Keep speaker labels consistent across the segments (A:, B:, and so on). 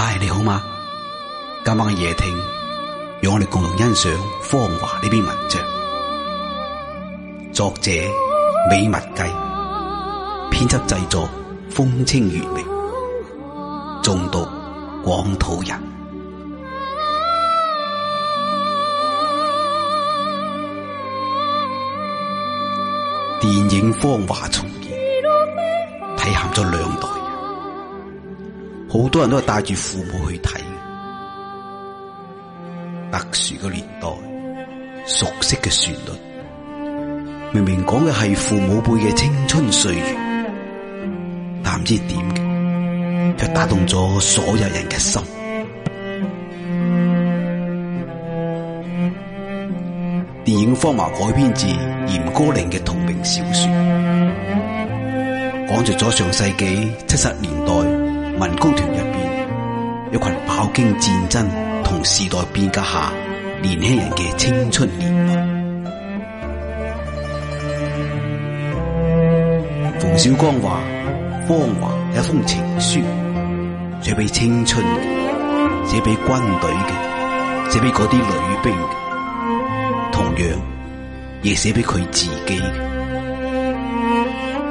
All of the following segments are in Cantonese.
A: 嗨，你好嗎？今晚嘅夜聽，讓我哋共同欣賞《芳華》呢篇文章。作者美物計，編輯製作風清月明，誦讀廣土人。電影《芳華》重現，體現咗兩代。好多人都係帶住父母去睇，特殊嘅年代，熟悉嘅旋律，明明講嘅係父母輩嘅青春歲月，但唔知點嘅，卻打動咗所有人嘅心。 電影《芳華》改編自嚴歌苓嘅同名小說，講述咗上世紀七十年代。文工團入邊，有一群飽經戰爭同時代變革下年輕人嘅青春年華。馮小剛話：芳華係一封情書，寫俾青春嘅，寫俾軍隊嘅，寫俾嗰啲女兵，同樣亦寫俾佢自己嘅。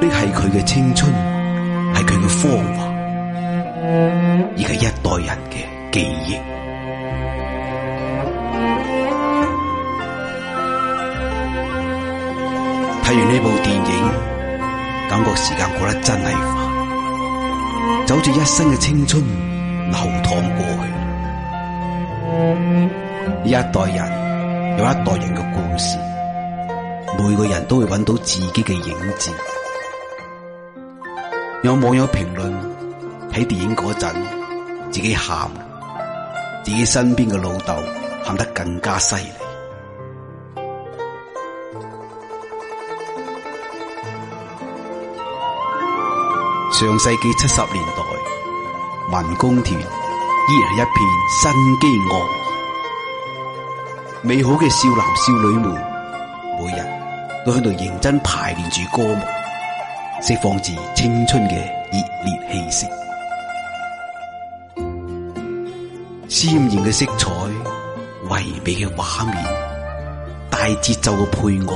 A: 呢係佢嘅青春，係佢嘅芳華。人嘅記憶。睇完呢部電影，感覺時間過得真係快，就好似一生嘅青春流淌過去了。一代人有一代人嘅故事，每個人都會揾到自己嘅影子。有網友評論喺電影嗰陣。自己喊，自己身邊嘅老豆喊得更加犀利。上世紀七十年代，文工團依然係一片生機盎，美好嘅少男少女們，每日都喺度認真排練住歌舞，釋放住青春嘅熱烈氣息。鮮艷嘅色彩，唯美嘅畫面，大節奏嘅配樂，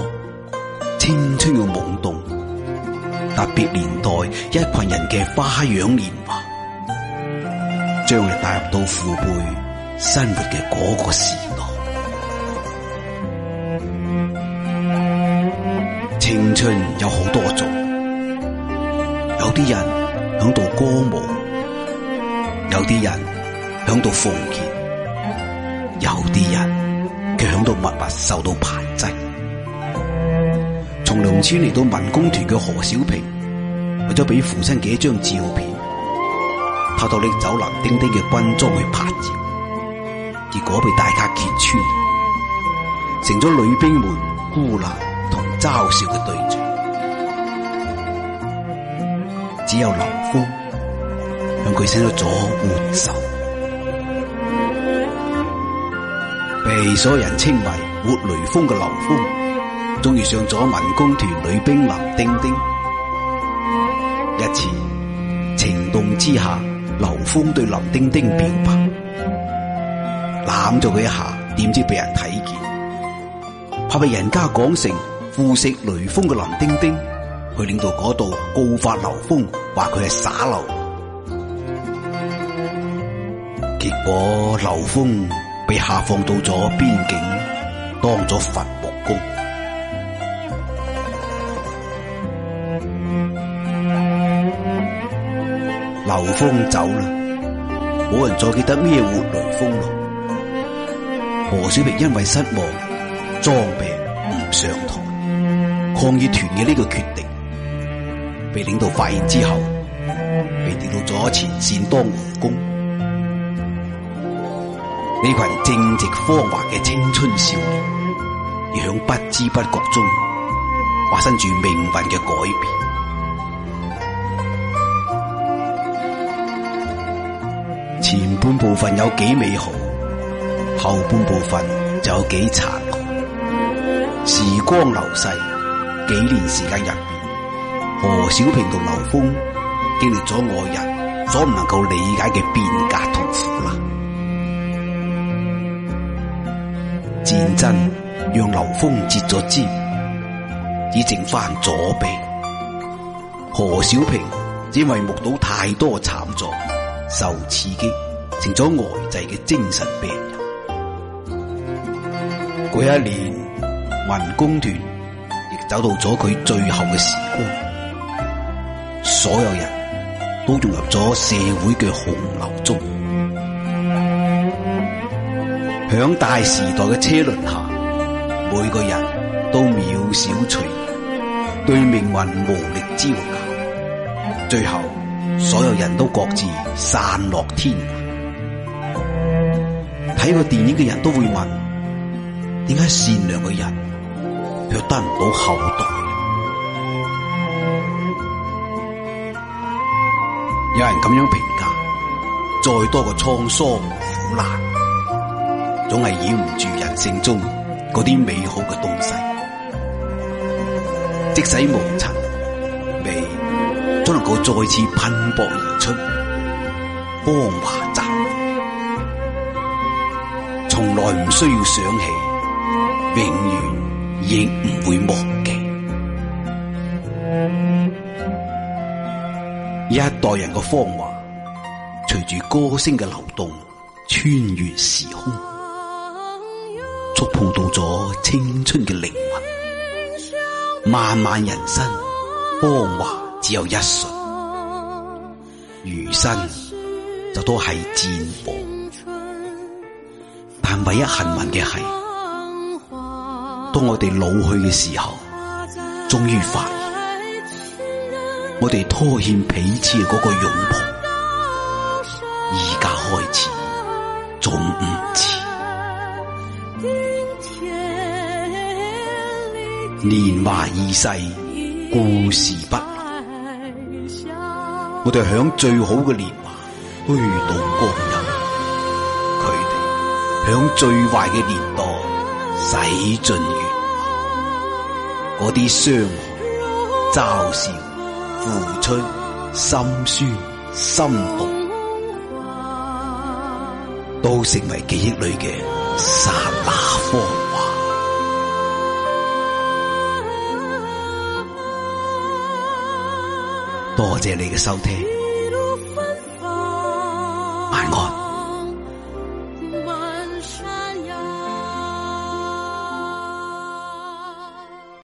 A: 青春嘅懵懂，特別年代一群人嘅花樣年華，將你帶入到父輩生活嘅嗰個時代。青春有好多種，有啲人響度歌舞，有啲人。響度奉獻，有啲人佢響度默默受到排擠。從農村嚟到文工團嘅何小平，為咗俾父親幾張照片，偷到拎走林丁丁嘅軍裝去拍照，結果被大家揭穿，成咗女兵們孤立同嘲笑嘅對象。只有劉峰向佢伸咗援手。被所有人稱為活雷鋒嘅劉峰，終於上咗文工團女兵林丁丁。一次情動之下，劉峰對林丁丁表白，攬咗佢一下，點知俾人睇見，怕被人家講成腐蝕雷鋒嘅林丁丁。佢領導嗰度告發劉峰，話佢係耍流。結果劉峰。劉被下放到咗邊境當咗伐木工。劉峰走啦，冇人再記得咩活雷鋒咯。何小平因為失望裝病唔上台，抗議團嘅呢個決定被領導發現之後，被調到咗前線當護工。呢群正直芳華嘅青春少年，而響不知不覺中發生住命運嘅改變。前半部分有幾美好，後半部分就有幾殘酷。時光流逝，幾年時間入邊，何小平同劉峰經歷咗外人所唔能夠理解嘅變革同苦難。戰爭讓劉峰截咗肢，只剩翻左臂。何小平只因為目睹太多慘狀，受刺激成咗呆滯嘅精神病人。嗰一年，文工團亦走到咗佢最後嘅時光，所有人都融入咗社會嘅洪流中。響大時代嘅車輪下，每個人都渺小垂，對命運無力招架，最後所有人都各自散落天涯。睇過電影嘅人都會問：點解善良嘅人卻得唔到後代？有人咁樣評價：再多嘅滄桑苦難。總係掩唔住人性中嗰啲美好嘅東西，即使無塵未，都能夠再次噴薄而出，光華乍露。從來唔需要想起，永遠亦唔會忘記。一代人嘅芳華，隨住歌聲嘅流動，穿越時空。觸碰到咗青春嘅靈魂，漫漫人生，光華只有一瞬，餘生就都係戰火。但唯一幸運嘅係，當我哋老去嘅時候，終於發現，我哋拖欠彼此嗰個擁抱，依家開始，仲唔遲？年華已逝，故事不老，我哋響最好嘅年華虛度光陰，佢哋響最壞嘅年代洗盡餘嗰啲傷害，嘲笑付出心酸心動，都成為記憶裏嘅刹那芳華。多謝你嘅收聽，晚安。